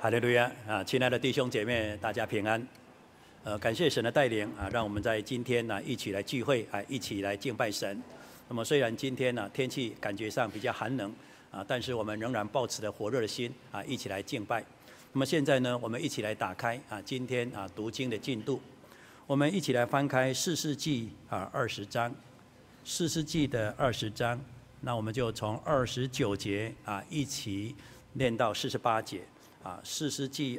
哈利路亞！啊，親愛的弟兄姐妹，大家平安。呃，感謝神的帶領啊，讓我們在今天呢、啊、一起來聚會啊，一起來敬拜神。那麼雖然今天呢、啊、天氣感覺上比較寒冷啊，但是我們仍然保持着火熱的心啊，一起來敬拜。那麼現在呢，我們一起來打開啊，今天啊讀經的進度。我們一起來翻開士師記啊二十章，士師記的二十章，那我們就從二十九節啊一起念到四十八節。啊，士師記，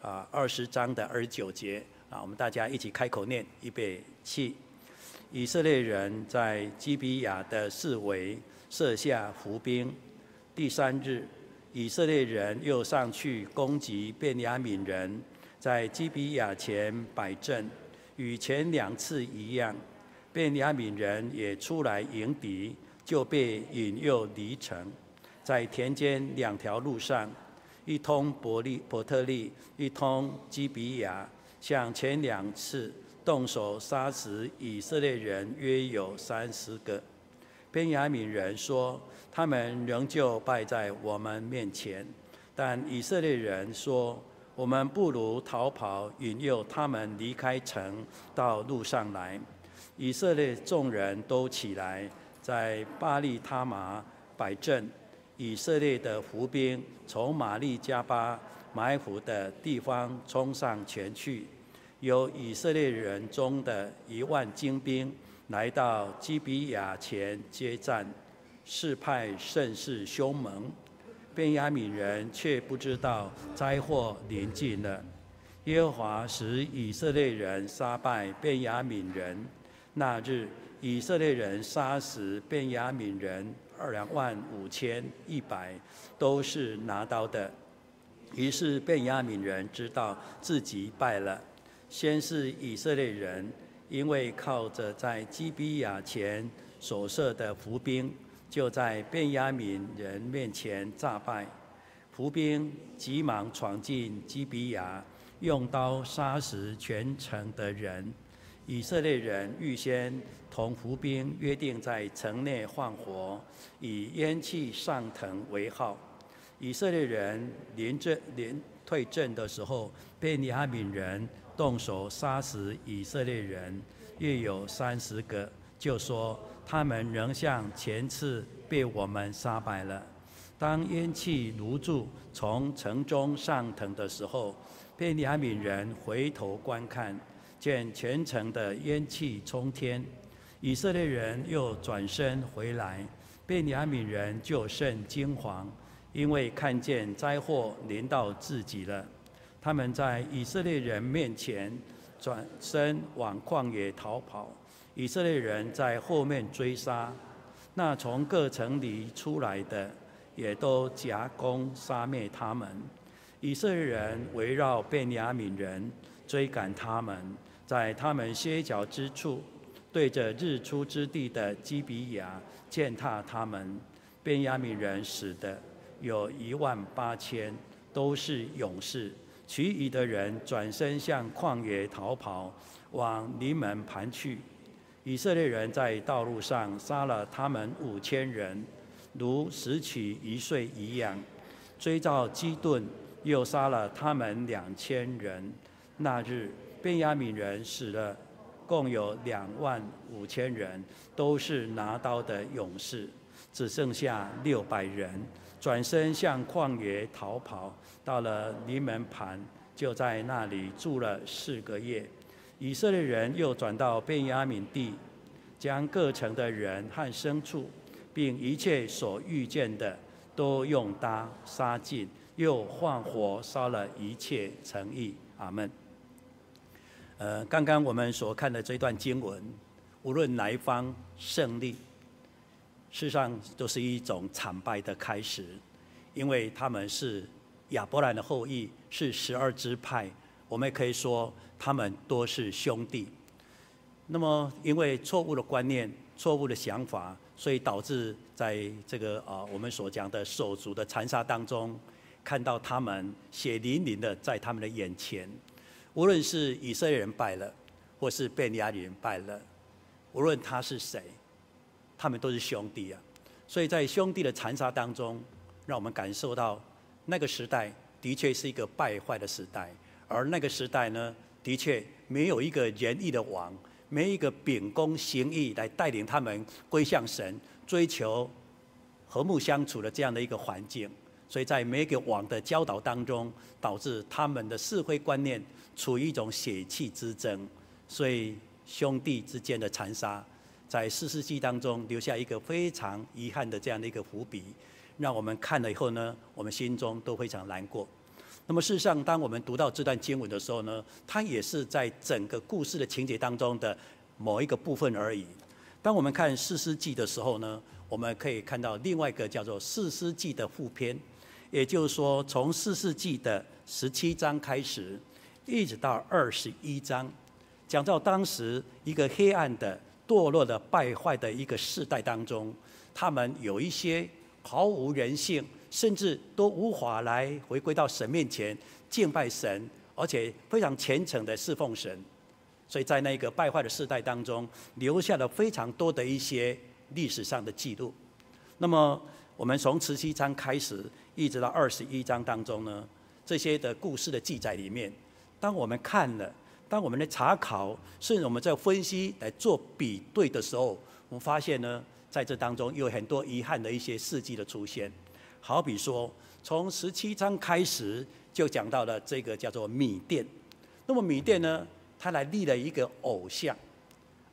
啊二十章的二十九節，啊，我們大家一起開口念預備起，以色列人在基比亞的四圍設下伏兵。第三日，以色列人又上去攻擊便雅憫人，在基比亞前擺陣，與前兩次一樣，便雅憫人也出來迎敵，就被引誘離城，在田間兩條路上。一通伯利伯特利，一通基比亞，像前兩次動手殺死以色列人約有三十個。便雅憫人說，他們仍舊敗在我們面前，但以色列人說，我們不如逃跑，引誘他們離開城到路上來。以色列眾人都起來，在巴力他瑪擺陣。以色列的伏兵從瑪利加巴埋伏的地方衝上前去，有以色列人中的一萬精兵來到基比亞前接戰，勢派甚是凶猛。便雅敏人卻不知道災禍臨近了。耶和華使以色列人殺敗便雅敏人。那日以色列人殺死便雅敏人。二兩萬五千一百都是拿刀的，於是便雅憫人知道自己敗了。先是以色列人，因為靠着在基比亞前所設的伏兵，就在便雅憫人面前詐敗。伏兵急忙闖進基比亞，用刀殺死全城的人。以色列人預先。同伏兵約定在城內放火，以煙氣上騰為號。以色列人臨陣臨退陣的時候，便雅憫人動手殺死以色列人，約有三十個。就說他們仍像前次被我們殺敗了。當煙氣如柱從城中上騰的時候，便雅憫人回頭觀看，見全城的煙氣沖天。以色列人又轉身回來，便雅憫人就甚驚惶，因為看見災禍臨到自己了。他們在以色列人面前轉身往曠野逃跑，以色列人在後面追殺。那從各城裡出來的也都夾攻殺滅他們。以色列人圍繞便雅憫人追趕他們，在他們歇腳之處，對着日出之地的基比亞踐踏他們，便雅憫人死的有一萬八千，都是勇士。其餘的人轉身向曠野逃跑，往臨門磐去。以色列人在道路上殺了他們五千人，如拾取遺穗一樣，追到基頓，又殺了他們兩千人。那日便雅憫人死了。共有兩萬五千人，都是拿刀的勇士，只剩下六百人，轉身向曠野逃跑。到了臨門磐，就在那裡住了四個月。以色列人又轉到便雅憫地，將各城的人和牲畜，並一切所遇見的，都用刀殺盡，又放火燒了一切城邑。阿門。呃，剛剛我們所看的這段經文，無論哪一方勝利，事實上都是一種慘敗的開始，因為他們是亞伯蘭的後裔，是十二支派，我們也可以說他們都是兄弟。那麼，因為錯誤的觀念、錯誤的想法，所以導致在這個啊、呃，我們所講的手足的殘殺當中，看到他們血淋淋的在他們的眼前。無論是以色列人敗了，或是便雅憫人敗了，無論他是誰，他們都是兄弟啊。所以在兄弟的殘殺當中，讓我們感受到那個時代的確是一個敗壞的時代。而那個時代呢，的確沒有一個仁義的王，沒有一個秉公行義來帶領他們歸向神、追求和睦相處的這樣的一個環境。所以在每一個王的教導當中，導致他們的是非觀念，處於一種血氣之爭，所以兄弟之間的殘殺，在士師記當中留下一個非常遺憾的這樣的一個伏筆，讓我們看了以後呢，我們心中都非常難過。那麼事實上，當我們讀到這段經文的時候呢，它也是在整個故事的情節當中的某一個部分而已。當我們看士師記的時候呢，我們可以看到另外一個叫做士師記的附篇，也就是說，從士師記的十七章開始。一直到二十一章，講到當時一個黑暗的、墮落的、敗壞的一個世代當中，他們有一些毫無人性，甚至都無法來回歸到神面前敬拜神，而且非常虔誠的侍奉神。所以在那個敗壞的世代當中，留下了非常多的一些歷史上的記錄。那麼我們從十七章開始，一直到二十一章當中呢，這些的故事的記載裡面。當我們看了，當我們的查考，甚至我們在分析來做比對的時候，我們發現呢，在這當中有很多遺憾的一些事跡的出現。好比說，從十七章開始就講到了這個叫做米甸，那麼米甸呢，他來立了一個偶像，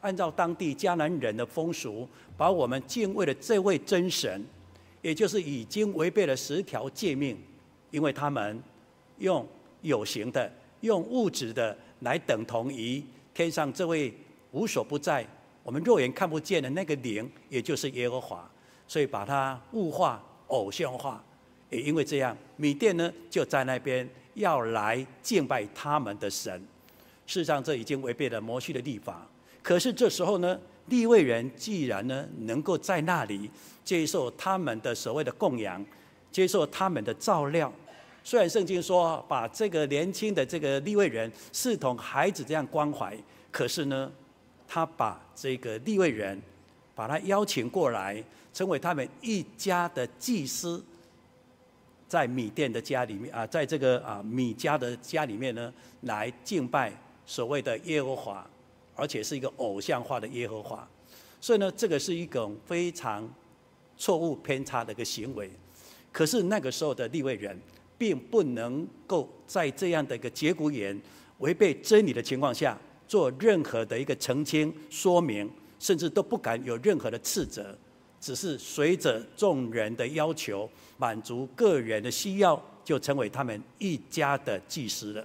按照當地迦南人的風俗，把我們敬畏的這位真神，也就是已經違背了十條誡命，因為他們用有形的。用物質的來等同於天上這位無所不在、我們肉眼看不見的那個靈，也就是耶和華，所以把它物化、偶像化。也因為這樣，米甸呢就在那邊要來敬拜他們的神。事實上，這已經違背了摩西的律法。可是這時候呢，利未人既然呢能夠在那裡接受他們的所謂的供養，接受他們的照料。雖然聖經說，把這個年輕的這個利未人視同孩子這樣關懷，可是呢，他把這個利未人，把他邀請過來，成為他們一家的祭司，在米店的家裡面啊，在這個啊米家的家裡面呢，來敬拜所謂的耶和華，而且是一個偶像化的耶和華，所以呢，這個是一種非常錯誤偏差的一個行為。可是那個時候的利未人。並不能夠在這樣的一個節骨眼違背真理的情況下做任何的一個澄清說明，甚至都不敢有任何的斥責，只是隨着眾人的要求，滿足個人的需要，就成為他們一家的祭司了。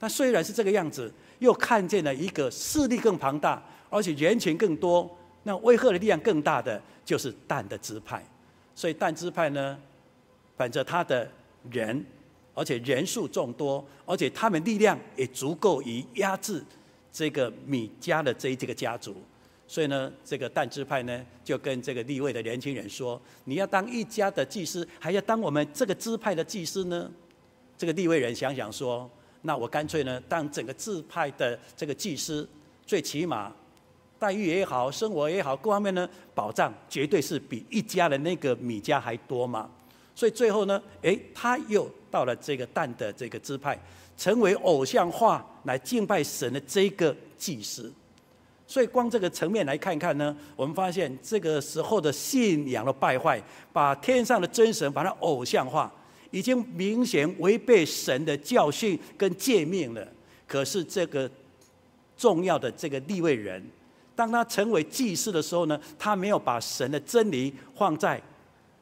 那雖然是這個樣子，又看見了一個勢力更龐大，而且人群更多，那威嚇的力量更大的就是但的支派。所以但支派呢，本着他的人，而且人數眾多，而且他們力量也足夠以壓制這個米迦的這這個家族。所以呢，這個但支派呢就跟這個利未的年輕人說：“你要當一家的祭司，還要當我們這個支派的祭司呢？”這個利未人想想說：“那我乾脆呢當整個支派的這個祭司，最起碼待遇也好，生活也好，各方面呢保障絕對是比一家的那個米迦還多嘛。”所以最後呢，誒，他又到了這個但的這個支派，成為偶像化來敬拜神的這個祭司。所以光這個層面來看一看呢，我們發現這個時候的信仰的敗壞，把天上的真神把它偶像化，已經明顯違背神的教訓跟誡命了。可是這個重要的這個利未人，當他成為祭司的時候呢，他沒有把神的真理放在。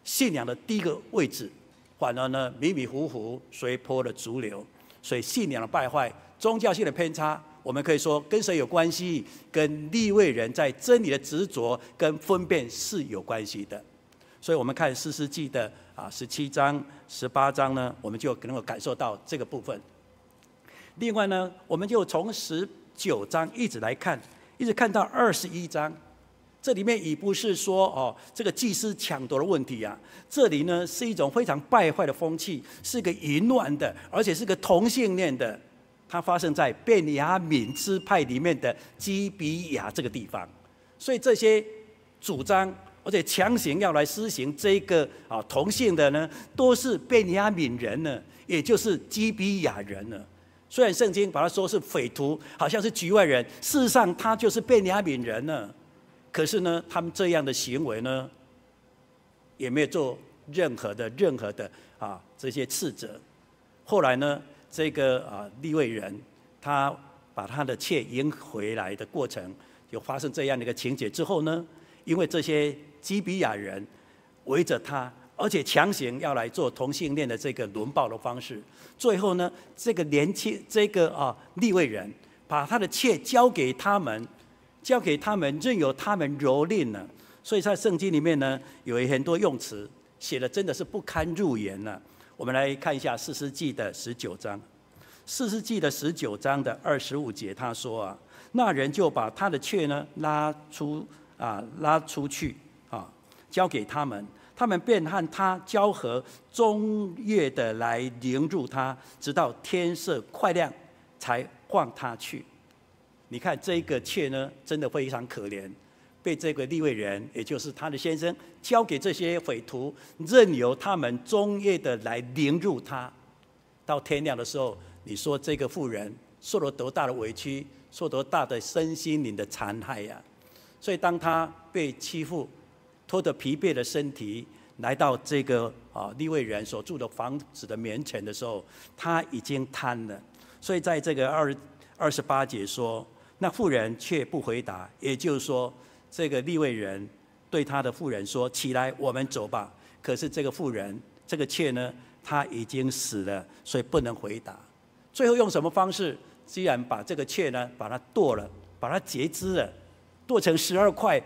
信仰的第一個位置，反而呢迷迷糊糊，隨波的逐流，所以信仰的敗壞、宗教性的偏差，我們可以說跟誰有關係？跟利未人在真理的執着跟分辨是有關係的。所以我們看士師記的啊，十七章、十八章呢，我們就能夠感受到這個部分。另外呢，我們就從十九章一直來看，一直看到二十一章。這裡面已不是說哦，這個祭司搶奪的問題啊。這裡呢是一種非常敗壞的風氣，是個淫亂的，而且是個同性戀的。它發生在便雅憫支派裡面的基比亞這個地方。所以這些主張，而且強行要來施行這個啊、哦、同性的呢，都是便雅憫人呢，也就是基比亞人呢。雖然聖經把它說是匪徒，好像是局外人，事實上他就是便雅憫人呢。可是呢，他們這樣的行為呢，也沒有做任何的、任何的啊這些斥責。後來呢，這個啊利未人，他把他的妾迎回來的過程，就發生這樣的一個情節之後呢，因為這些基比亞人圍着他，而且強行要來做同性戀的這個輪暴的方式，最後呢，這個年輕這個啊利未人把他的妾交給他們。交給他們，任由他們蹂躪了。所以在聖經裡面呢，有很多用詞寫的真的是不堪入眼了。我們來看一下《士師記》的十九章，《士師記》的十九章的二十五節，他說啊，那人就把他的妾呢拉出啊拉出去啊，交給他們，他們便和他交合，終夜的來凌辱他，直到天色快亮，才放他去。你看這個妾呢，真的非常可憐，被這個利未人，也就是他的先生，交給這些匪徒，任由他們終夜的來凌辱他。到天亮的時候，你說這個婦人受了多大的委屈，受多大的身心靈的殘害呀、啊？所以，當他被欺負，拖着疲憊的身體，來到這個啊利未人所住的房子的面前的時候，他已經癱了。所以，在這個二二十八節說。那婦人卻不回答，也就是說，這個利未人對他的婦人說：“起來，我們走吧。”可是這個婦人，這個妾呢，她已經死了，所以不能回答。最後用什麼方式？既然把這個妾呢，把它剁了，把它截肢了，剁成十二塊，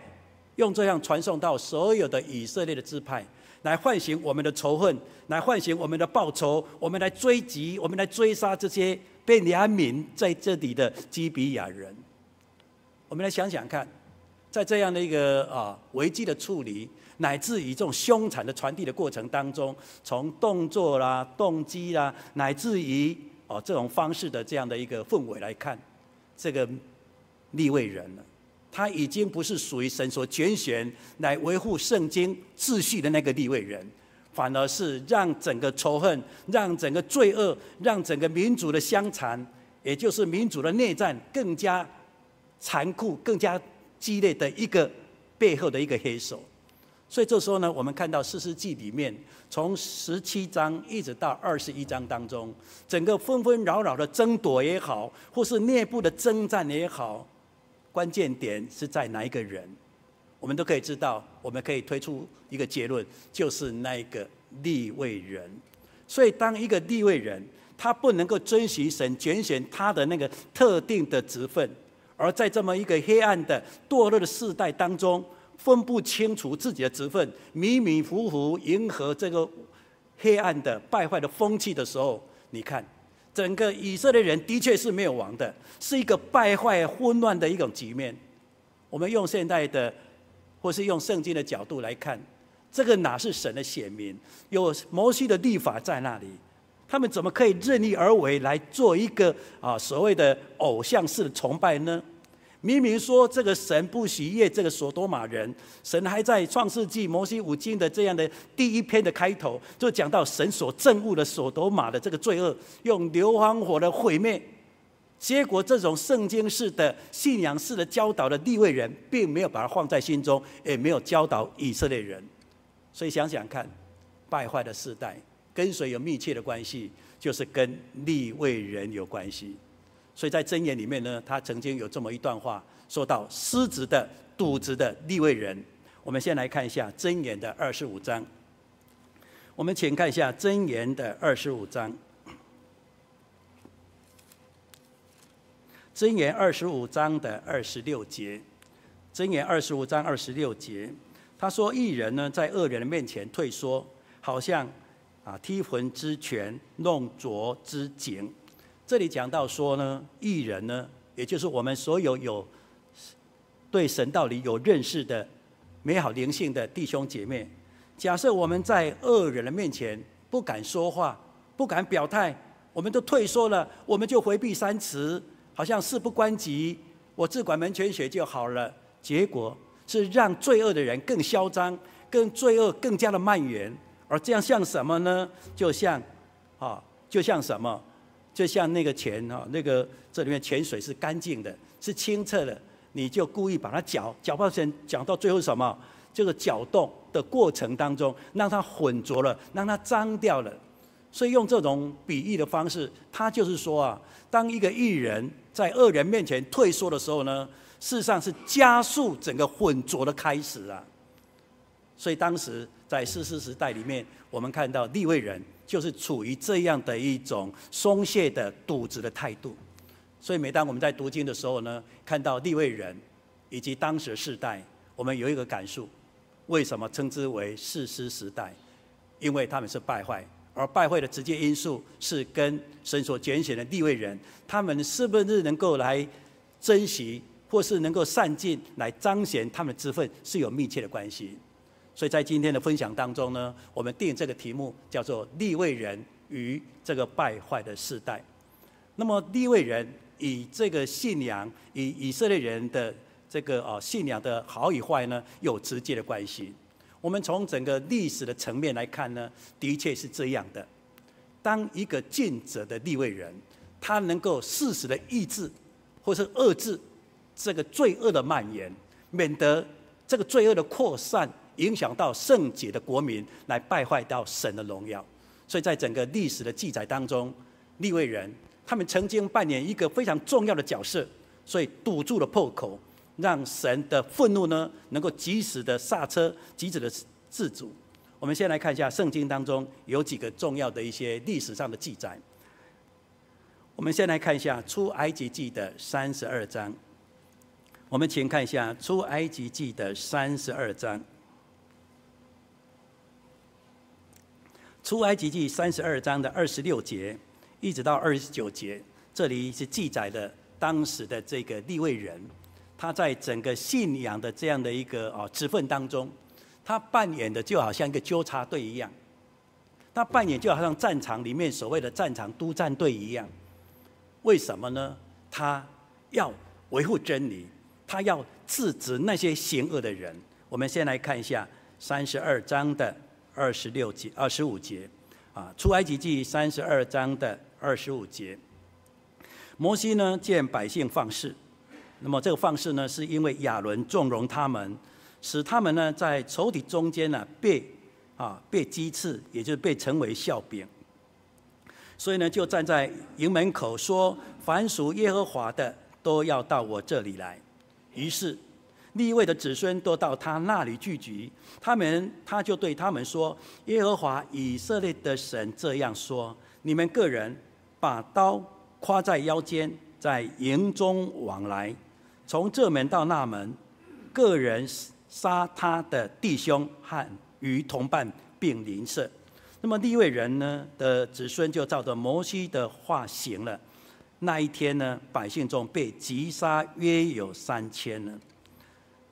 用這樣傳送到所有的以色列的支派，來喚醒我們的仇恨，來喚醒我們的報仇，我們來追擊，我們來追殺這些便雅憫在這裡的基比亞人。我們來想想看，在這樣的一個啊危機的處理，乃至於這種兇殘的傳遞的過程當中，從動作啦、動機啦，乃至於哦這種方式的這樣的一個氛圍來看，這個利未人呢，他已經不是屬於神所揀選來維護聖經秩序的那個利未人，反而是讓整個仇恨、讓整個罪惡、讓整個民族的相殘，也就是民族的內戰更加。殘酷、更加激烈的一個背後的一個黑手，所以這時候呢，我們看到《士師記》裡面從十七章一直到二十一章當中，整個紛紛擾擾的爭奪也好，或是內部的征戰也好，關鍵點是在哪一個人，我們都可以知道。我們可以推出一個結論，就是那一個利未人。所以，當一個利未人，他不能夠遵循神揀選他的那個特定的職份，而在這麼一個黑暗的墮落的世代當中，分不清楚自己的職份，迷迷糊糊迎合這個黑暗的敗壞的風氣的時候，你看，整個以色列人的確是沒有王的，是一個敗壞混亂的一種局面。我們用現代的，或是用聖經的角度來看，這個哪是神的選民？有摩西的律法在那裡。他們怎麼可以任意而為來做一個啊所謂的偶像式的崇拜呢？明明說這個神不喜悅這個所多瑪人，神還在創世紀摩西五經的這樣的第一篇的開頭就講到神所憎惡的所多瑪的這個罪惡，用硫磺火的毀滅。結果這種聖經式的信仰式的教導的利未人，並沒有把它放在心中，也沒有教導以色列人。所以想想看，敗壞的世代，跟誰有密切的關係，就是跟利未人有關係。所以在箴言裡面呢，他曾經有這麼一段話，說到失職的、瀆職的利未人。我們先來看一下箴言的二十五章。我們請看一下箴言的二十五章。箴言二十五章的二十六節，箴言二十五章二十六節，他說：一人呢，在惡人的面前退縮，好像。啊！踹渾之泉，弄濁之井。這裡講到說呢，義人呢，也就是我們所有有對神道理有認識的、美好靈性的弟兄姐妹。假設我們在惡人的面前不敢說話、不敢表態，我們都退縮了，我們就迴避三尺，好像事不關己，我自管門前雪就好了。結果是讓罪惡的人更囂張，更罪惡更加的蔓延。而這樣像什麼呢？就像，啊、哦，就像什麼？就像那個泉啊、哦，那個這裡面泉水是乾淨的，是清澈的。你就故意把它攪，攪到前，攪到最後什麼？就是攪動的過程當中，讓它混濁了，讓它髒掉了。所以用這種比喻的方式，它就是說啊，當一個義人在惡人面前退縮的時候呢，事實上是加速整個混濁的開始啊。所以當時在士師時代裡面，我們看到利未人就是處於這樣的一種鬆懈的瀆職的態度。所以每當我們在讀經的時候呢，看到利未人以及當時的世代，我們有一個感受：為什麼稱之為士師時代？因為他們是敗壞，而敗壞的直接因素是跟神所揀選的利未人，他們是不是能夠來珍惜，或是能夠善盡來彰顯他們的職分，是有密切的關係。所以在今天的分享當中呢，我們定這個題目叫做“利未人與這個敗壞的世代”。那麼，利未人與這個信仰，與以，以色列人的這個啊信仰的好與壞呢，有直接的關係。我們從整個歷史的層面來看呢，的確是這樣的。當一個盡責的利未人，他能夠適時的抑制或是遏制這個罪惡的蔓延，免得這個罪惡的擴散，影響到聖潔的國民，來敗壞到神的榮耀，所以在整個歷史的記載當中，利未人他們曾經扮演一個非常重要的角色，所以堵住了破口，讓神的憤怒呢能夠及時的剎車，及時的止住。我們先來看一下聖經當中有幾個重要的一些歷史上的記載。我們先來看一下《出埃及記》的三十二章。我們請看一下《出埃及記》的三十二章。出埃及記三十二章的二十六節，一直到二十九節，這裡是記載的當時的這個利未人，他在整個信仰的這樣的一個哦職分當中，他扮演的就好像一個糾察隊一樣，他扮演就好像戰場裡面所謂的戰場督戰隊一樣。為什麼呢？他要維護真理，他要制止那些邪惡的人。我們先來看一下三十二章的。二十六節、二十五節，啊，出埃及記三十二章的二十五節。摩西呢，見百姓放肆，那麼這個放肆呢，是因為亞倫縱容他們，使他們呢，在仇敵中間呢，被啊被譏刺，也就是被稱為笑柄。所以呢，就站在營門口說：“凡屬耶和華的，都要到我這裡來。”於是。利未的子孫都到他那裡聚集，他們他就對他們說：“耶和華以色列的神這樣說：你們個人把刀挎在腰間，在營中往來，從這門到那門，個人殺他的弟兄和與同伴並鄰舍。那麼利未人呢的子孫就照着摩西的話行了。那一天呢，百姓中被擊殺約有三千人。”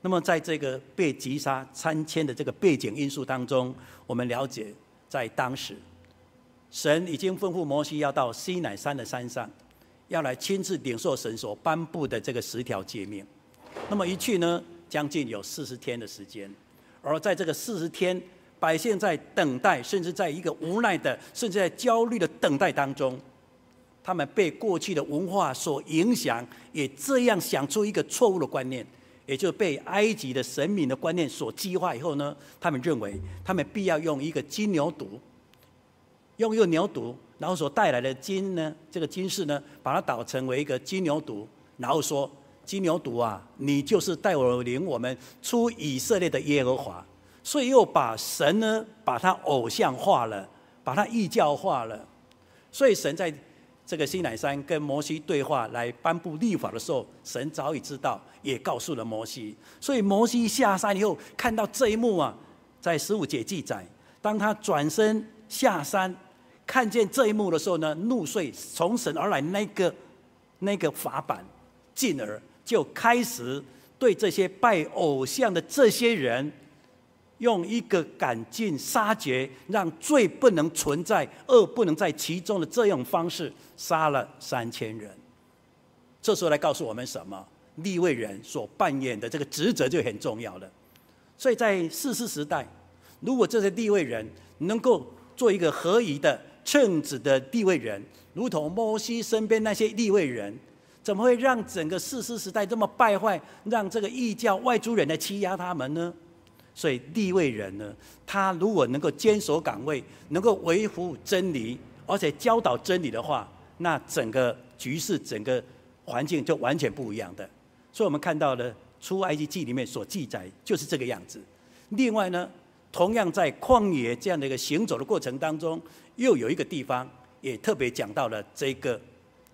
那麼，在這個被擊殺三千的這個背景因素當中，我們了解，在當時，神已經吩咐摩西要到西乃山的山上，要來親自領受神所頒布的這個十條誡命。那麼一去呢，將近有四十天的時間。而在這個四十天，百姓在等待，甚至在一個無奈的，甚至在焦慮的等待當中，他們被過去的文化所影響，也這樣想出一個錯誤的觀念。也就被埃及的神明的觀念所激化以後呢，他們認為他們必要用一個金牛犢，用一個牛犢，然後所帶來的金呢，這個金飾呢，把它搗成為一個金牛犢，然後說金牛犢啊，你就是帶我領我們出以色列的耶和華，所以又把神呢，把它偶像化了，把它異教化了，所以神在。這個西乃山跟摩西對話來頒布律法的時候，神早已知道，也告訴了摩西。所以摩西下山以後看到這一幕啊，在十五節記載，當他轉身下山，看見這一幕的時候呢，怒摔從神而來那個那個法版，進而就開始對這些拜偶像的這些人。用一個趕盡殺絕，讓罪不能存在，惡不能在其中的這種方式，殺了三千人。這時候來告訴我們什麼？利未人所扮演的這個職責就很重要了。所以在士師時代，如果這些利未人能夠做一個合宜的、稱職的利未人，如同摩西身邊那些利未人，怎麼會讓整個士師時代這麼敗壞，讓這個異教外族人來欺壓他們呢？所以利未人呢，他如果能夠堅守崗位，能夠維護真理，而且教導真理的話，那整個局勢、整個環境就完全不一樣的。所以我們看到了出埃及記裡面所記載就是這個樣子。另外呢，同樣在曠野這樣的一個行走的過程當中，又有一個地方也特別講到了這個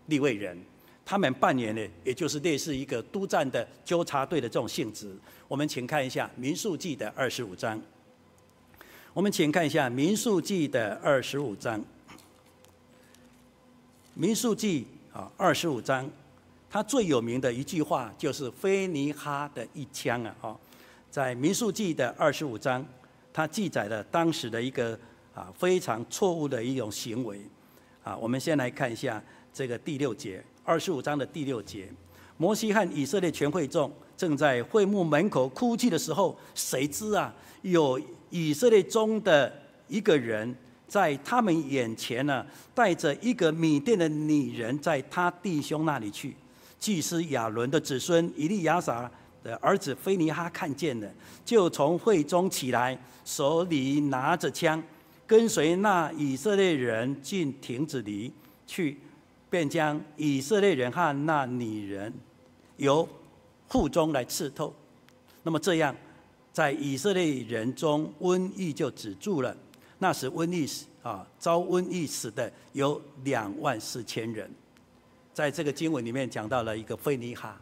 利未人，他們扮演的也就是類似一個督戰的糾察隊的這種性質。我們請看一下《民數記》的二十五章。我們請看一下民數記的25章，《民數記》的二十五章，《民數記》啊，二十五章，它最有名的一句話就是非尼哈的一槍啊！哦，在《民數記》的二十五章，它記載了當時的一個啊非常錯誤的一種行為啊。我們先來看一下這個第六節，二十五章的第六節。摩西和以色列全會眾正在會幕門口哭泣的時候，誰知啊，有以色列中的一個人在他們眼前呢、啊，帶着一個米甸的女人，在他弟兄那裡去。祭司亞倫的子孫以利亞撒的兒子菲尼哈看見了，就從會中起來，手裡拿着槍，跟隨那以色列人進亭子裡去，便將以色列人和那女人。由腹中來刺透，那麼這樣，在以色列人中瘟疫就止住了。那時瘟疫啊，遭瘟疫死的有兩萬四千人。在這個經文裡面講到了一個非尼哈，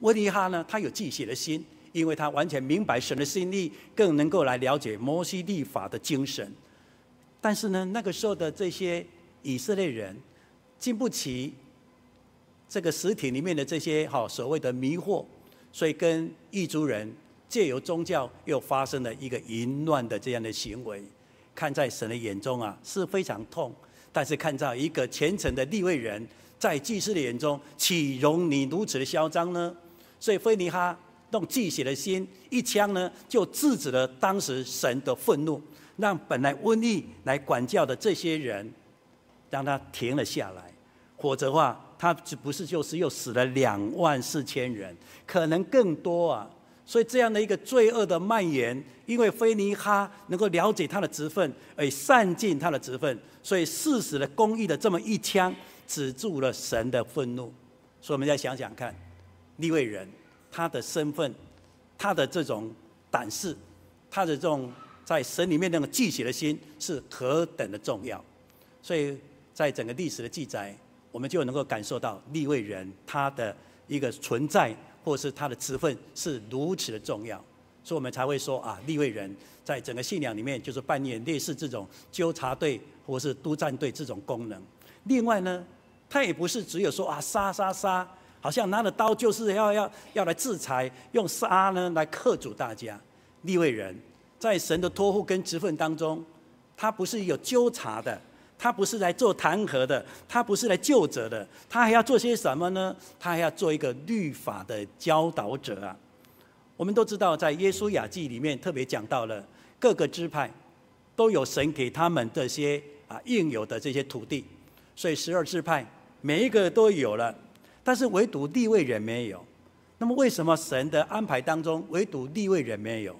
非尼哈呢，他有忌邪的心，因為他完全明白神的心意，更能夠來了解摩西立法的精神。但是呢，那個時候的這些以色列人，經不起。這個實體裡面的這些哈所謂的迷惑，所以跟異族人借由宗教又發生了一個淫亂的這樣的行為，看在神的眼中啊是非常痛，但是看到一個虔誠的利未人，在祭司的眼中，豈容你如此的囂張呢？所以非尼哈用祭血的心一槍呢，就制止了當時神的憤怒，讓本來瘟疫來管教的這些人，讓他停了下來，否則的話。他這不是就是又死了兩萬四千人，可能更多啊！所以這樣的一個罪惡的蔓延，因為菲尼哈能夠了解他的職分，而善盡他的職分，所以適時的公義的這麼一槍，止住了神的憤怒。所以我們再想想看，利未人他的身份，他的這種膽識，他的這種在神裡面那個泣血的心，是何等的重要！所以在整個歷史的記載。我們就能夠感受到利未人他的一個存在，或是他的職份是如此的重要，所以我們才會說啊，利未人在整個信仰裡面就是扮演類似這種糾察隊或是督戰隊這種功能。另外呢，他也不是只有說啊殺殺殺，好像拿了刀就是要要要來制裁，用殺呢來克制大家。利未人在神的託付跟職份當中，他不是有糾察的。他不是來做彈劾的，他不是來究責的，他還要做些什麼呢？他還要做一個律法的教導者啊！我們都知道，在《約書亞記》裡面特別講到了各個支派都有神給他們這些啊應有的這些土地，所以十二支派每一個都有了，但是唯獨利未人沒有。那麼為什麼神的安排當中唯獨利未人沒有？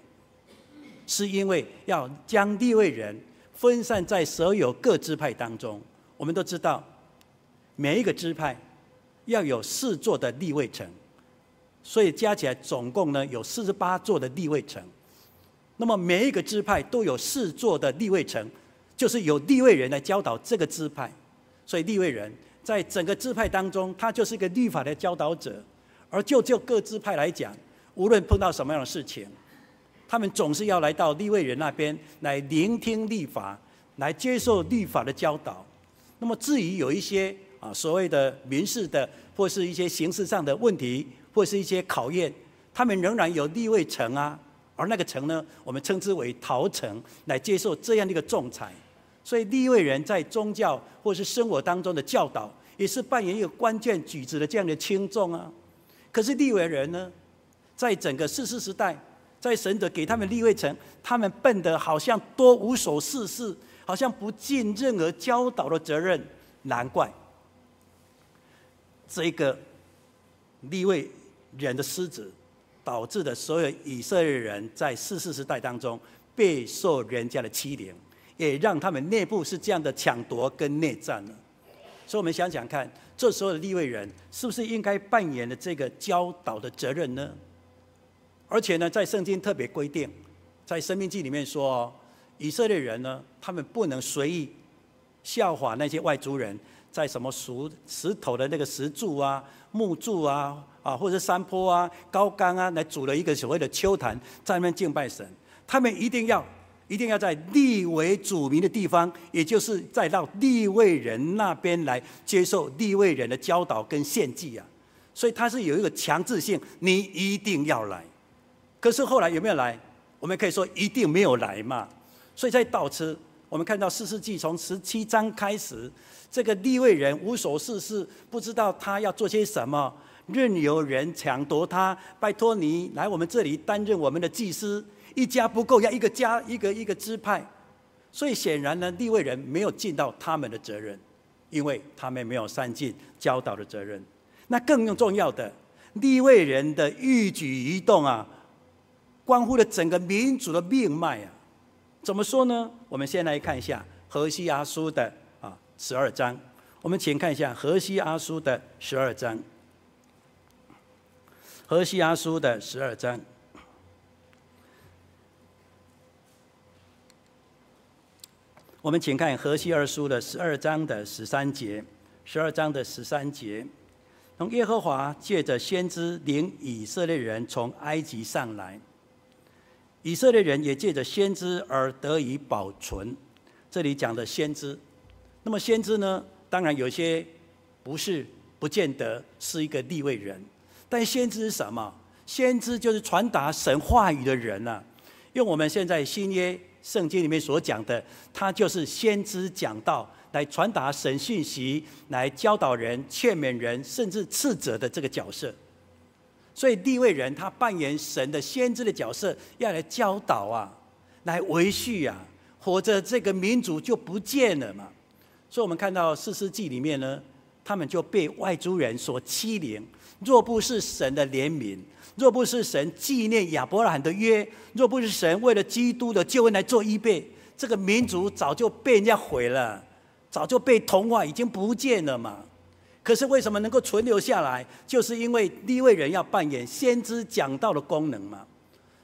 是因為要將利未人。分散在所有各支派當中，我們都知道，每一個支派要有四座的利未城，所以加起來總共呢有四十八座的利未城。那麼每一個支派都有四座的利未城，就是由利未人來教導這個支派，所以利未人在整個支派當中，他就是一個律法的教導者。而就就各支派來講，無論碰到什麼樣的事情。他們總是要來到利未人那邊來聆聽律法，來接受律法的教導。那麼至於有一些啊所謂的民事的或是一些形式上的問題，或是一些考驗，他們仍然有利未城啊，而那個城呢，我們稱之為逃城，來接受這樣的一個仲裁。所以利未人在宗教或是生活當中的教導，也是扮演一個關鍵舉足的這樣的輕重啊。可是利未人呢，在整個士師時代。在神者給他們立位成，他們笨得好像多無所事事，好像不盡任何教導的責任。難怪這個利未人的失職，導致的所有以色列人在士師時代當中備受人家的欺凌，也讓他們內部是這樣的搶奪跟內戰了。所以，我們想想看，這時候的利未人是不是應該扮演的這個教導的責任呢？而且呢，在聖經特別規定，在《申命記》裡面說，哦，以色列人呢，他們不能隨意效法那些外族人，在什麼熟石頭的那個石柱啊、木柱啊、啊或者山坡啊、高崗啊，來組了一個所謂的丘壇，在那邊敬拜神。他們一定要、一定要在立為主名的地方，也就是再到利未人那邊來接受利未人的教導跟獻祭啊。所以他是有一個強制性，你一定要來。可是後來有沒有來？我們可以說一定沒有來嘛。所以在倒車，我們看到士師記從十七章開始，這個利未人無所事事，不知道他要做些什麼，任由人搶奪他。拜託你來我們這裡擔任我們的祭司，一家不夠要一個家，一個一個支派。所以顯然呢，利未人沒有盡到他們的責任，因為他們沒有善盡教導的責任。那更重要的，利未人的一舉一動啊。關乎了整個民族的命脈啊，怎麼說呢？我們先來看一下《何西阿書》的啊十二章。我們請看一下《何西阿書》的十二章，《何西阿書》的十二章。我們請看《何西二書》的十二章的十三節，十二章的十三節。從耶和華借着先知領以色列人從埃及上來。以色列人也借着先知而得以保存。這裡講的先知，那麼先知呢？當然有些不是，不見得是一個利未人。但先知是什麼？先知就是傳達神話語的人啊。用我們現在新約聖經裡面所講的，他就是先知講道，來傳達神信息，來教導人、勸勉人，甚至斥責的這個角色。所以利未人他扮演神的先知的角色，要來教導啊，來維續啊，否則這個民族就不見了嘛。所以我們看到四世紀裡面呢，他們就被外族人所欺凌。若不是神的憐憫，若不是神紀念亞伯拉罕的約，若不是神為了基督的救恩來做預備，這個民族早就被人家毀了，早就被同化，已經不見了嘛。可是為什麼能夠存留下來，就是因為利未人要扮演先知講道的功能嘛。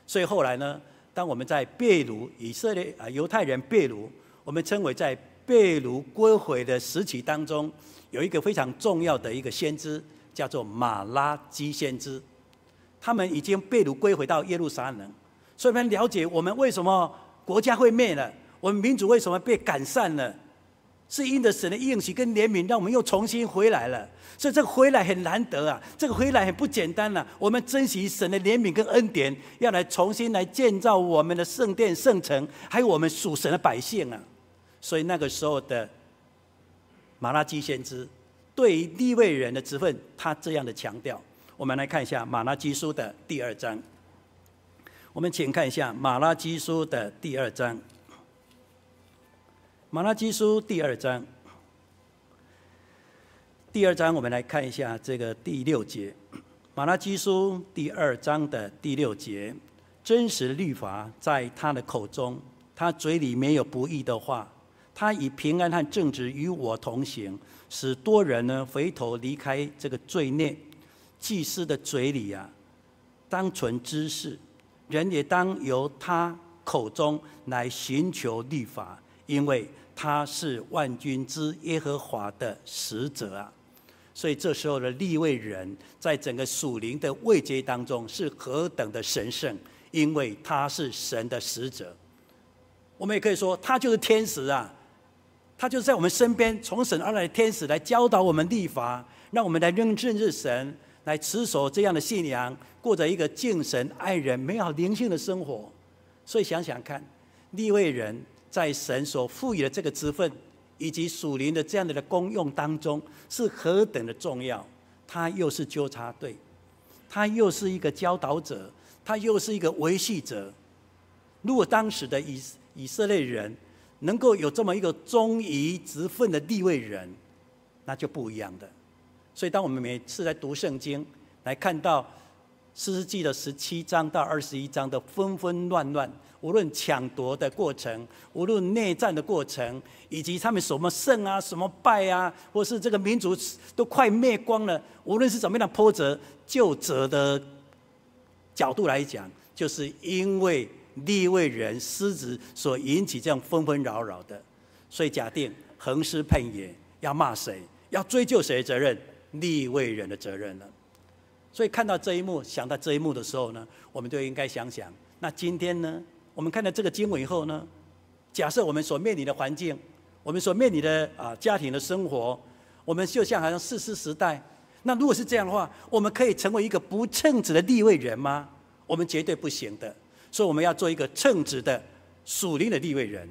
所以後來呢，當我們在被擄以色列啊猶太人被擄我們稱為在被擄歸回的時期當中，有一個非常重要的一個先知，叫做瑪拉基先知。他們已經被擄歸回，回到耶路撒冷，所以他們了解我們為什麼國家會滅了，我們民族為什麼被趕散了。是因着神的應許跟憐憫，讓我們又重新回來了。所以這個回來很難得啊，這個回來很不簡單啊。我們珍惜神的憐憫跟恩典，要來重新來建造我們的聖殿、聖城，還有我們屬神的百姓啊。所以那個時候的馬拉基先知，對於利未人的職分，他這樣的強調。我們來看一下馬拉基書的第二章。我們請看一下馬拉基書的第二章。馬拉基書第二章，第二章我們來看一下這個第六節。馬拉基書第二章的第六節，真實律法在他的口中，他嘴裡沒有不義的話，他以平安和正直與我同行，使多人呢回頭離開這個罪孽。祭司的嘴裡啊，當存知識，人也當由他口中來尋求律法。因為他是萬軍之耶和華的使者啊，所以這時候的利未人在整個屬靈的位階當中是何等的神聖，因為他是神的使者。我們也可以說，他就是天使啊，他就是在我們身邊從神而來的天使，來教導我們律法，讓我們來認識神，來持守這樣的信仰，過着一個敬神愛人、美好靈性的生活。所以想想看，利未人，在神所賦予的這個職份，以及屬靈的這樣的功用當中，是何等的重要。他又是糾察隊，他又是一個教導者，他又是一個維繫者。如果當時的以以色列人能夠有這麼一個忠於職份的利未人，那就不一樣的。所以，當我們每次來讀聖經，來看到。《士師記》的十七章到二十一章的紛紛亂亂，無論搶奪的過程，無論內戰的過程，以及他們什麼勝啊、什麼敗啊，或是這個民族都快滅光了，無論是怎麼樣的波折、就折的角度來講，就是因為利未人失職所引起這樣紛紛擾擾的，所以假定橫屍遍野，要罵誰，要追究誰的責任，利未人的責任了。所以看到這一幕，想到這一幕的時候呢，我們就應該想想，那今天呢，我們看到這個經文以後呢，假設我們所面臨的環境，我們所面臨的啊，家庭的生活，我們就像好像士師時代，那如果是這樣的話，我們可以成為一個不稱職的利未人嗎？我們絕對不行的。所以我們要做一個稱職的屬靈的利未人。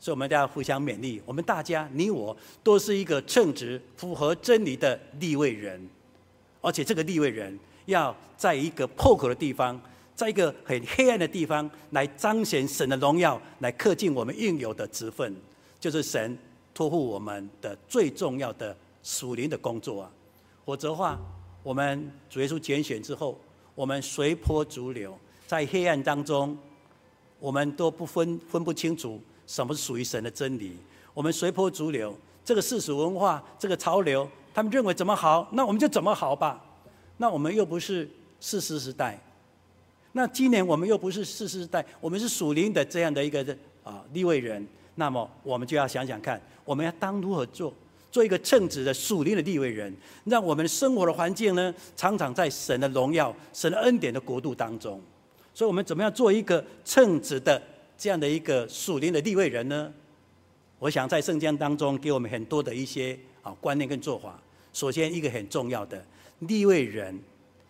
所以我們要互相勉勵，我們大家你我都是一個稱職、符合真理的利未人。而且這個利未人要在一個破口的地方，在一個很黑暗的地方，來彰顯神的榮耀，來恪盡我們應有的職分，就是神托付我們的最重要的屬靈的工作啊！否則話，我們主耶穌揀選之後，我們隨波逐流，在黑暗當中，我們都不分分不清楚什麼是屬於神的真理，我們隨波逐流，這個世俗文化，這個潮流。他們認為怎麼好，那我們就怎麼好吧？那我們又不是士師時代？那今年我們又不是士師時代，我們是屬靈的這樣的一個啊利未人。那麼我們就要想想看，我們要當如何做，做一個稱職的屬靈的利未人，讓我們生活的環境呢，常常在神的榮耀、神的恩典的國度當中。所以，我們怎麼樣做一個稱職的這樣的一個屬靈的利未人呢？我想在聖經當中給我們很多的一些。啊，觀念跟做法，首先一個很重要的利未人，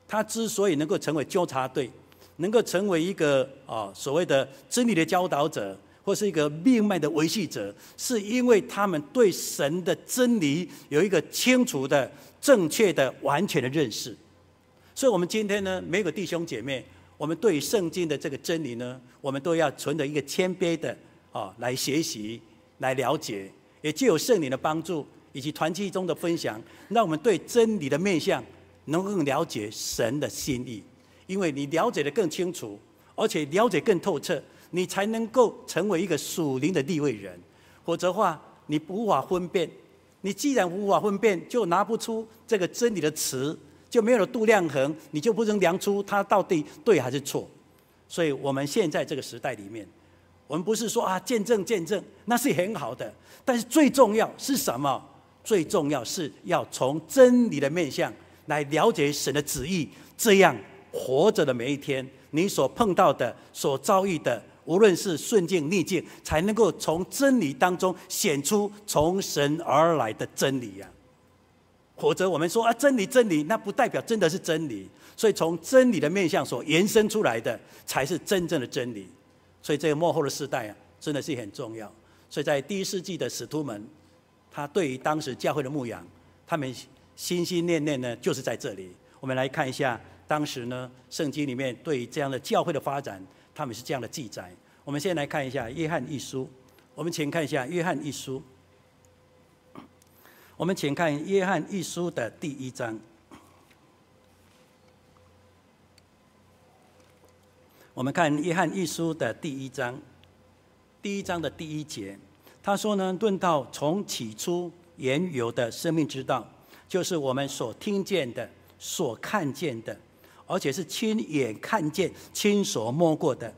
他之所以能夠成為糾察隊，能夠成為一個啊、哦、所謂的真理的教導者，或是一個命脈的維繫者，是因為他們對神的真理有一個清楚的、正確的、完全的認識。所以，我們今天呢，每個弟兄姐妹，我們對聖經的這個真理呢，我們都要存着一個謙卑的啊、哦、來學習、來了解，也藉由聖靈的幫助。以及團契中的分享，讓我們對真理的面向能夠更了解神的心意。因為你了解得更清楚，而且了解更透徹，你才能夠成為一個屬靈的利未人。否則的話，你無法分辨。你既然無法分辨，就拿不出這個真理的詞，就沒有了度量衡，你就不能量出它到底對還是錯。所以，我們現在這個時代裡面，我們不是說啊見證見證，那是很好的。但是最重要是什麼？最重要是要從真理的面向來了解神的旨意，這樣活着的每一天，你所碰到的、所遭遇的，無論是順境逆境，才能夠從真理當中顯出從神而來的真理呀。或者，我們說啊，真理真理，那不代表真的是真理。所以，從真理的面向所延伸出來的，才是真正的真理。所以，這個末後的世代啊，真的是很重要。所以在第一世紀的使徒們。他對於當時教會的牧養，他們心心念念呢，就是在這裡。我們來看一下，當時呢，聖經裡面對於這樣的教會的發展，他們是這樣的記載。我們先來看一下《約翰一書》，我們請看一下《約翰一書》，我們請看《約翰一書》的第一章。我們看《約翰一書》的第一章，第一章的第一節。他說呢，論到從起初原有的生命之道，就是我們所聽見的、所看見的，而且是親眼看見、親手摸過的。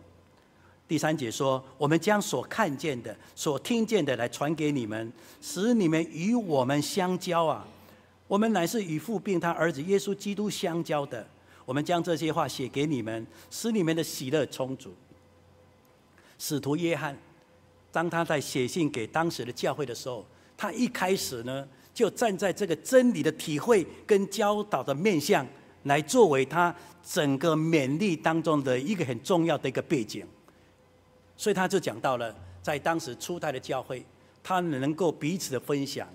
第三節說，我們將所看見的、所聽見的來傳給你們，使你們與我們相交啊。我們乃是與父並他兒子耶穌基督相交的。我們將這些話寫給你們，使你們的喜樂充足。使徒約翰。當他在寫信給當時的教會的時候，他一開始呢，就站在這個真理的體會跟教導的面向，來作為他整個勉勵當中的一個很重要的一個背景。所以他就講到了，在當時初代的教會，他們能夠彼此的分享，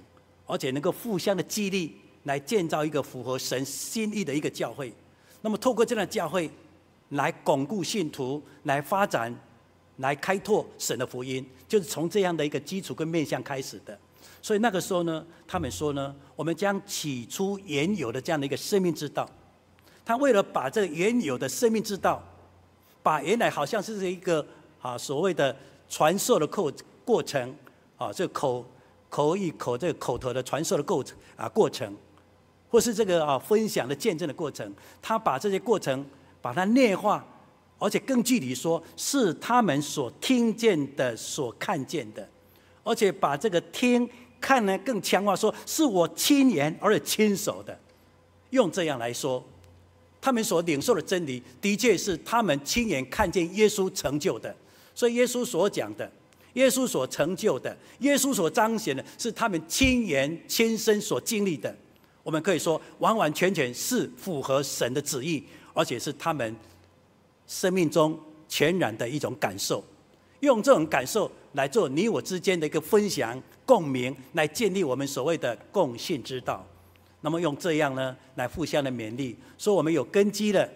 而且能夠互相的激勵，來建造一個符合神心意的一個教會。那麼，透過這樣的教會，來鞏固信徒，來發展。來開拓神的福音，就是從這樣的一個基礎跟面向開始的。所以那個時候呢，他們說呢，我們將起初原有的這樣的一個生命之道，他為了把這個原有的生命之道，把原來好像是這一個啊所謂的傳授的過過程，啊口口口這口口語口這口頭的傳授的過程啊過程，或是這個啊分享的見證的過程，他把這些過程把它內化。而且更具體說，是他們所聽見的、所看見的，而且把這個聽、看呢更強化，說是我親眼而且親手的，用這樣來說，他們所領受的真理，的確是他們親眼看見耶穌成就的。所以耶穌所講的、耶穌所成就的、耶穌所彰顯的，是他們親眼親身所經歷的。我們可以說，完完全全是符合神的旨意，而且是他們，生命中全然的一種感受，用這種感受來做你我之間的一個分享、共鳴，來建立我們所謂的共信之道。那麼用這樣呢來互相的勉勵，說我們有根基了。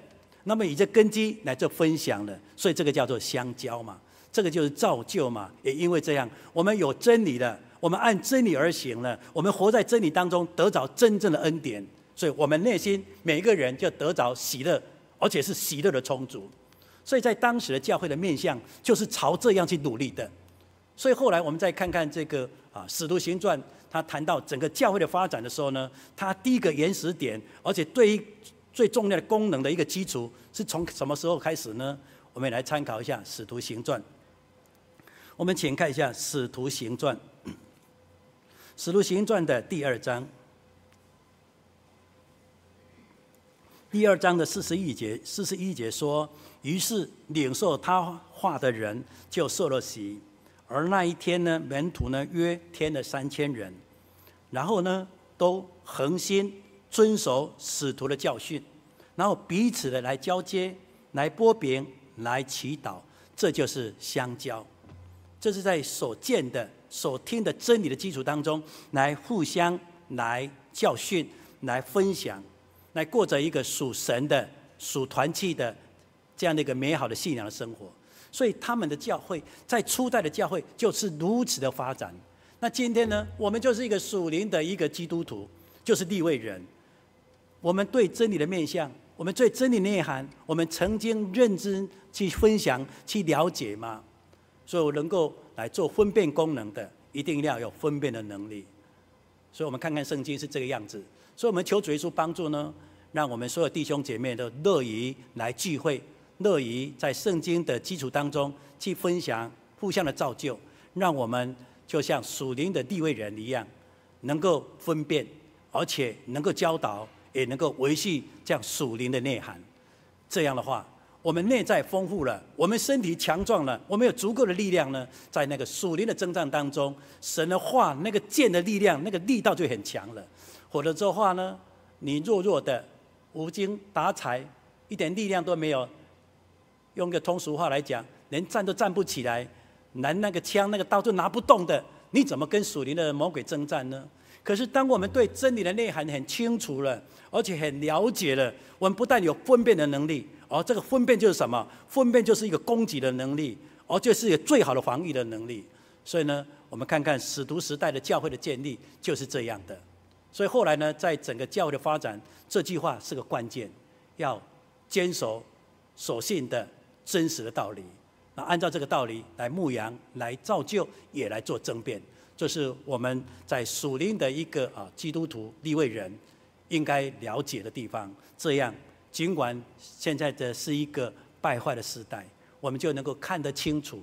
那麼以這根基來做分享了，所以這個叫做相交嘛，這個就是造就嘛。也因為這樣，我們有真理了，我們按真理而行了，我們活在真理當中，得着真正的恩典。所以，我們內心每一個人就得着喜樂，而且是喜樂的充足。所以在當時的教會的面向，就是朝這樣去努力的。所以後來我們再看看這個啊《使徒行傳》，他談到整個教會的發展的時候呢，他第一個原始點，而且對於最重要的功能的一個基礎，是從什麼時候開始呢？我們也來參考一下《使徒行傳》。我們請看一下《使徒行傳》，《使徒行傳》的第二章，第二章的四十一節，四十一節說。於是領受他話的人就受了洗，而那一天呢，門徒呢約添了三千人，然後呢都恆心遵守使徒的教訓，然後彼此的來交接、來擘餅、來祈禱，這就是相交。這是在所見的、所聽的真理的基礎當中，來互相來教訓、來分享、來過着一個屬神的、屬團契的。這樣的一個美好的信仰的生活，所以他們的教會，在初代的教會就是如此的發展。那今天呢，我們就是一個屬靈的一個基督徒，就是利未人。我們對真理的面向，我們對真理內涵，我們曾經認真去分享、去了解嗎？所以，我能夠來做分辨功能的，一定要有分辨的能力。所以，我們看看聖經是這個樣子。所以我們求主耶穌幫助呢，讓我們所有弟兄姐妹都樂於來聚會，樂於在聖經的基礎當中去分享，互相的造就，讓我們就像屬靈的利未人一樣，能夠分辨，而且能夠教導，也能夠維繫這樣屬靈的內涵。這樣的話，我們內在豐富了，我們身體強壯了，我們有足夠的力量呢，在那個屬靈的征戰當中，神的話那個劍的力量，那個力道就很強了。否則的話呢，你弱弱的，無精打采，一點力量都沒有。用一個通俗話來講，連站都站不起來，拿那個槍、那個刀都拿不動的，你怎麼跟屬靈的魔鬼爭戰呢？可是，當我們對真理的內涵很清楚了，而且很了解了，我們不但有分辨的能力，而、哦、這個分辨就是什麼？分辨就是一個攻擊的能力，而、哦、就是有最好的防禦的能力。所以呢，我們看看使徒時代的教會的建立就是這樣的。所以後來呢，在整個教會的發展，這句話是個關鍵，要堅守守信的。真實的道理，那按照這個道理來牧羊，來造就，也來做爭辯，這是我們在屬靈的一個啊基督徒利未人應該了解的地方。這樣，儘管現在的是一個敗壞的時代，我們就能夠看得清楚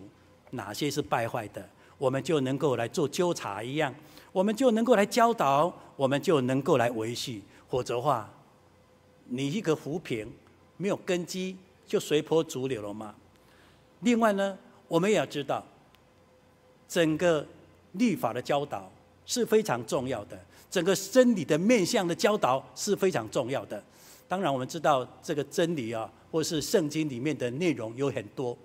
哪些是敗壞的，我們就能夠來做糾察一樣，我們就能夠來教導，我們就能夠來維繫。否則話，你一個扶貧沒有根基就隨波逐流了嗎？另外呢，我們也要知道，整個律法的教導是非常重要的，整個真理的面向的教導是非常重要的。當然，我們知道這個真理啊，或是聖經裡面的內容有很多，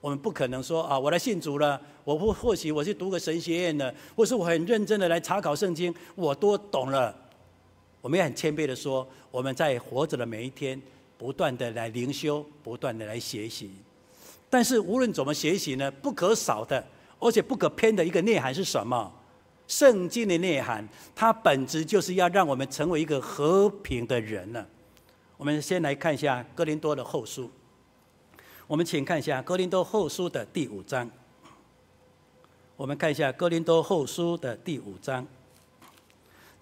我們不可能說啊，我來信主了，我或或許我去讀個神學院了，或是我很認真的來查考聖經，我都懂了。我們也很謙卑的說，我們在活着的每一天。不斷的來靈修，不斷的來學習，但是無論怎麼學習呢，不可少的，而且不可偏的一個內涵是什麼？聖經的內涵，它本質就是要讓我們成為一個和平的人呢。我們先來看一下《哥林多的後書》，我們請看一下《哥林多後書》的第五章，我們看一下《哥林多後書》的第五章，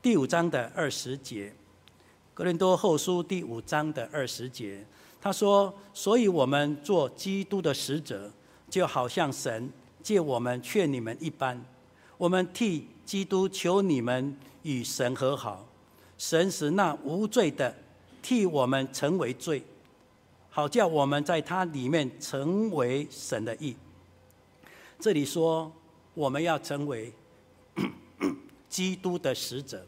第五章的二十節。哥林多後書第五章的二十節，他說：“所以我們做基督的使者，就好像神借我們勸你們一般，我們替基督求你們與神和好。神使那無罪的替我們成為罪，好叫我們在他裡面成為神的義。”這裡說，我們要成為 基督的使者。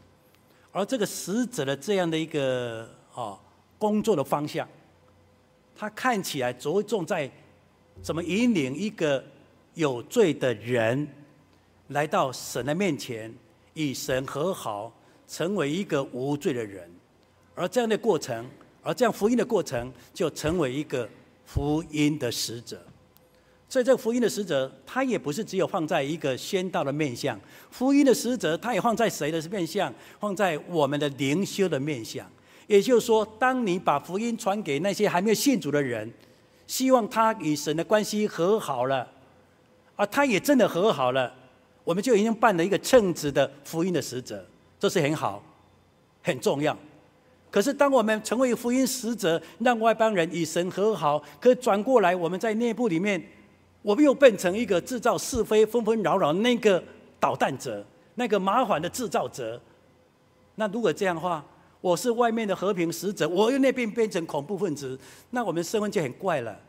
而這個使者的這樣的一個啊工作的方向，他看起來着重在怎麼引領一個有罪的人來到神的面前，與神和好，成為一個無罪的人，而這樣的過程，而這樣福音的過程，就成為一個福音的使者。所以，這個福音的使者，他也不是只有放在一個宣道的面向。福音的使者，他也放在誰的面向？放在我們的靈修的面向。也就是說，當你把福音傳給那些還沒有信主的人，希望他與神的關係和好了，而、啊、他也真的和好了，我們就已經辦了一個稱職的福音的使者，這是很好，很重要。可是，當我們成為福音使者，讓外邦人與神和好，可轉過來，我們在內部裡面。我們又變成一個製造是非、紛紛擾擾那個搗蛋者，那個麻煩的製造者。那如果這樣的話，我是外面的和平使者，我又那邊變成恐怖分子，那我們身份就很怪了，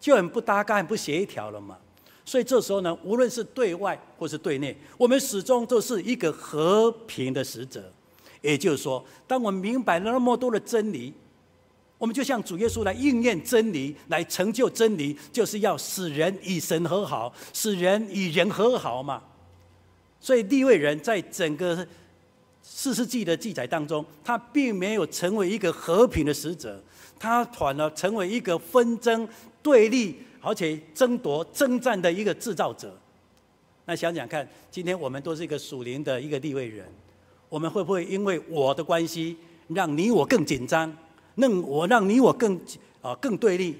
就很不搭嘎、很不協調了嘛。所以這時候呢，無論是對外或是對內，我們始終都是一個和平的使者。也就是說，當我們明白了那麼多的真理。我們就像主耶穌來應驗真理，來成就真理，就是要使人與神和好，使人與人和好嘛。所以利未人在整個四世紀的記載當中，他並沒有成為一個和平的使者，他反而成為一個紛爭、對立，而且爭奪、征戰的一個制造者。那想想看，今天我們都是一個屬靈的一個利未人，我們會不會因為我的關係，讓你我更緊張？那我讓你我更啊更對立，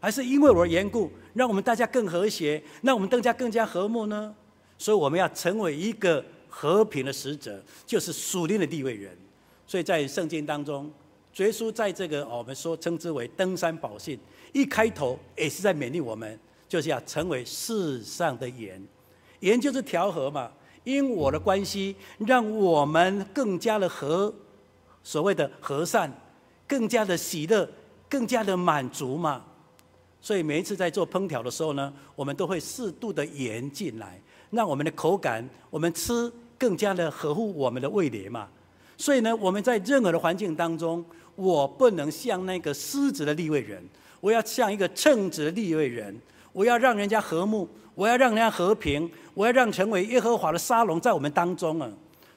還是因為我的緣故，讓我們大家更和諧，讓我們大家更加和睦呢？所以我們要成為一個和平的使者，就是屬靈的利未人。所以在聖經當中，耶穌在這個我們說稱之為登山寶訓一開頭，也是在勉勵我們，就是要成為世上的鹽。鹽就是調和嘛。因我的關係，讓我們更加的和，所謂的和善。更加的喜樂，更加的滿足嘛。所以每一次在做烹調的時候呢，我們都會適度的鹽進來，讓我們的口感，我們吃更加的合乎我們的味蕾嘛。所以呢，我們在任何的環境當中，我不能像那個失職的利未人，我要像一個稱職的利未人，我要讓人家和睦，我要讓人家和平，我要讓成為耶和華的沙龍在我們當中啊。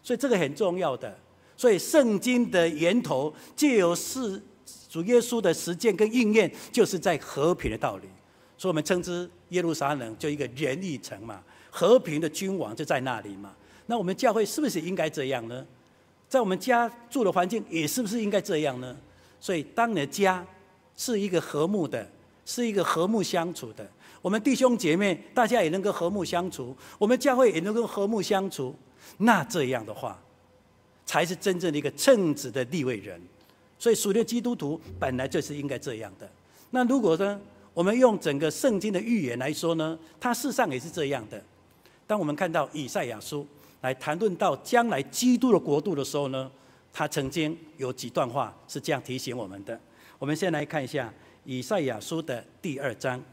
所以這個很重要的。所以，聖經的源頭借由是主耶穌的實踐跟應驗，就是在和平的道理。所以，我們稱之耶路撒冷就一個仁義城嘛，和平的君王就在那裡嘛。那我們教會是不是應該這樣呢？在我們家住的環境也是不是應該這樣呢？所以，當你的家是一個和睦的，是一個和睦相處的，我們弟兄姐妹大家也能夠和睦相處，我們教會也能夠和睦相處，那這樣的話。才是真正的一個稱職的利未人，所以屬靈基督徒本來就是應該這樣的。那如果呢，我們用整個聖經的預言來說呢，它事實上也是這樣的。當我們看到以賽亞書來談論到將來基督的國度的時候呢，他曾經有幾段話是這樣提醒我們的。我們先來看一下以賽亞書的第二章。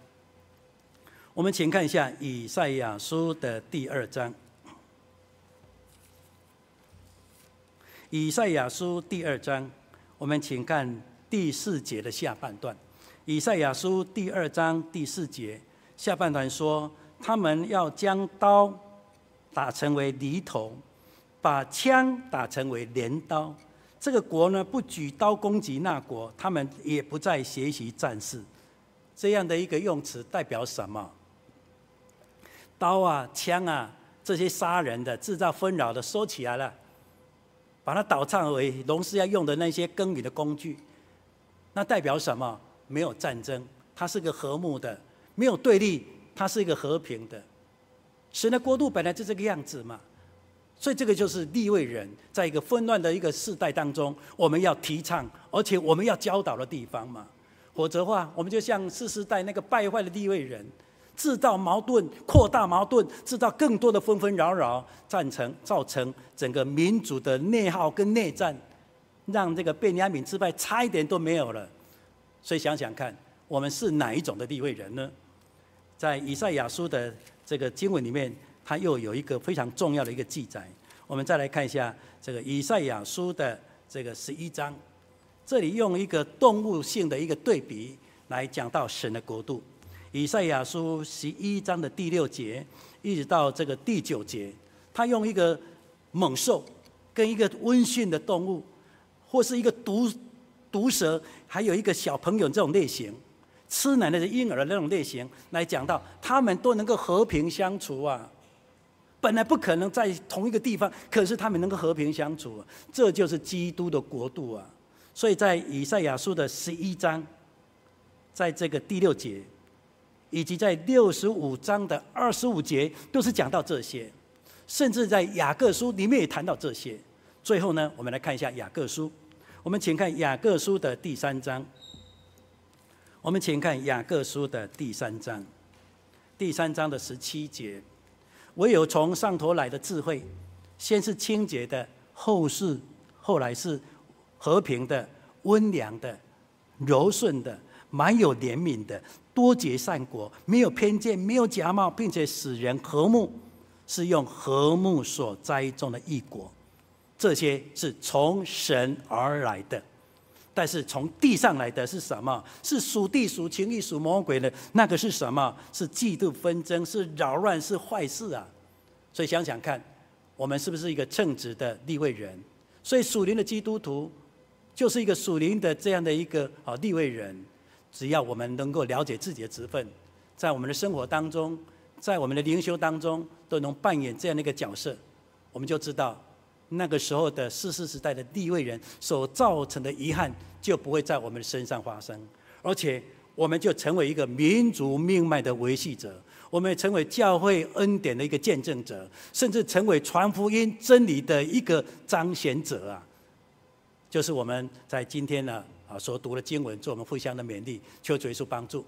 我們請看一下以賽亞書的第二章。以賽亞書第二章，我們請看第四節的下半段。以賽亞書第二章第四節下半段說：“他們要將刀打成為犁頭，把槍打成為鐮刀。這個國呢，不舉刀攻擊那國，他們也不再學習戰事，這樣的一個用詞代表什麼？刀啊，槍啊，這些殺人的、制造紛擾的，收起來了。”把它導唱為農事要用的那些耕耘的工具，那代表什麼？沒有戰爭，它是個和睦的；沒有對立，它是一個和平的。神的國度本來就這個樣子嘛。所以，這個就是利未人在一個紛亂的一個世代當中，我們要提倡，而且我們要教導的地方嘛。否則的話，我們就像四世代那個敗壞的利未人。製造矛盾，擴大矛盾，製造更多的紛紛擾擾，造成造成整個民族的內耗跟內戰，讓這個貝尼安敏之敗差一點都沒有了。所以想想看，我們是哪一種的利未人呢？在以賽亞書的這個經文裡面，它又有一個非常重要的一個記載。我們再來看一下這個以賽亞書的這個十一章，這裡用一個動物性的一個對比來講到神的國度。以賽亞書十一章的第六節，一直到這個第九節，他用一個猛獸跟一個溫馴的動物，或是一個毒毒蛇，還有一個小朋友這種類型，吃奶奶的嬰兒的那種類型，來講到他們都能夠和平相處啊。本來不可能在同一個地方，可是他們能夠和平相處啊，這就是基督的國度啊。所以在以賽亞書的十一章，在這個第六節。以及在六十五章的二十五節都是講到這些，甚至在雅各書裡面也談到這些。最後呢，我們來看一下雅各書。我們請看雅各書的第三章。我們請看雅各書的第三章，第三章的十七節。唯有從上頭來的智慧，先是清潔的，後是後來是和平的、溫良的、柔順的、滿有憐憫的。多結善果，沒有偏見，沒有假冒，並且使人和睦，是用和睦所栽種的義果。這些是從神而來的，但是從地上來的是什麼？是屬地、屬情欲、屬魔鬼的。那個是什麼？是嫉妒、紛爭，是擾亂，是壞事啊！所以想想看，我們是不是一個稱職的利未人？所以屬靈的基督徒，就是一個屬靈的這樣的一個啊利未人。只要我們能夠了解自己的職分，在我們的生活當中，在我們的靈修當中，都能扮演這樣的一個角色，我們就知道那個時候的士師時代的利未人所造成的遺憾就不會在我們的身上發生，而且我們就成為一個民族命脈的維繫者，我們也成為教會恩典的一個見證者，甚至成為傳福音真理的一個彰顯者啊！就是我們在今天呢、啊。啊，所讀的經文，做我們互相的勉勵，求主耶穌幫助。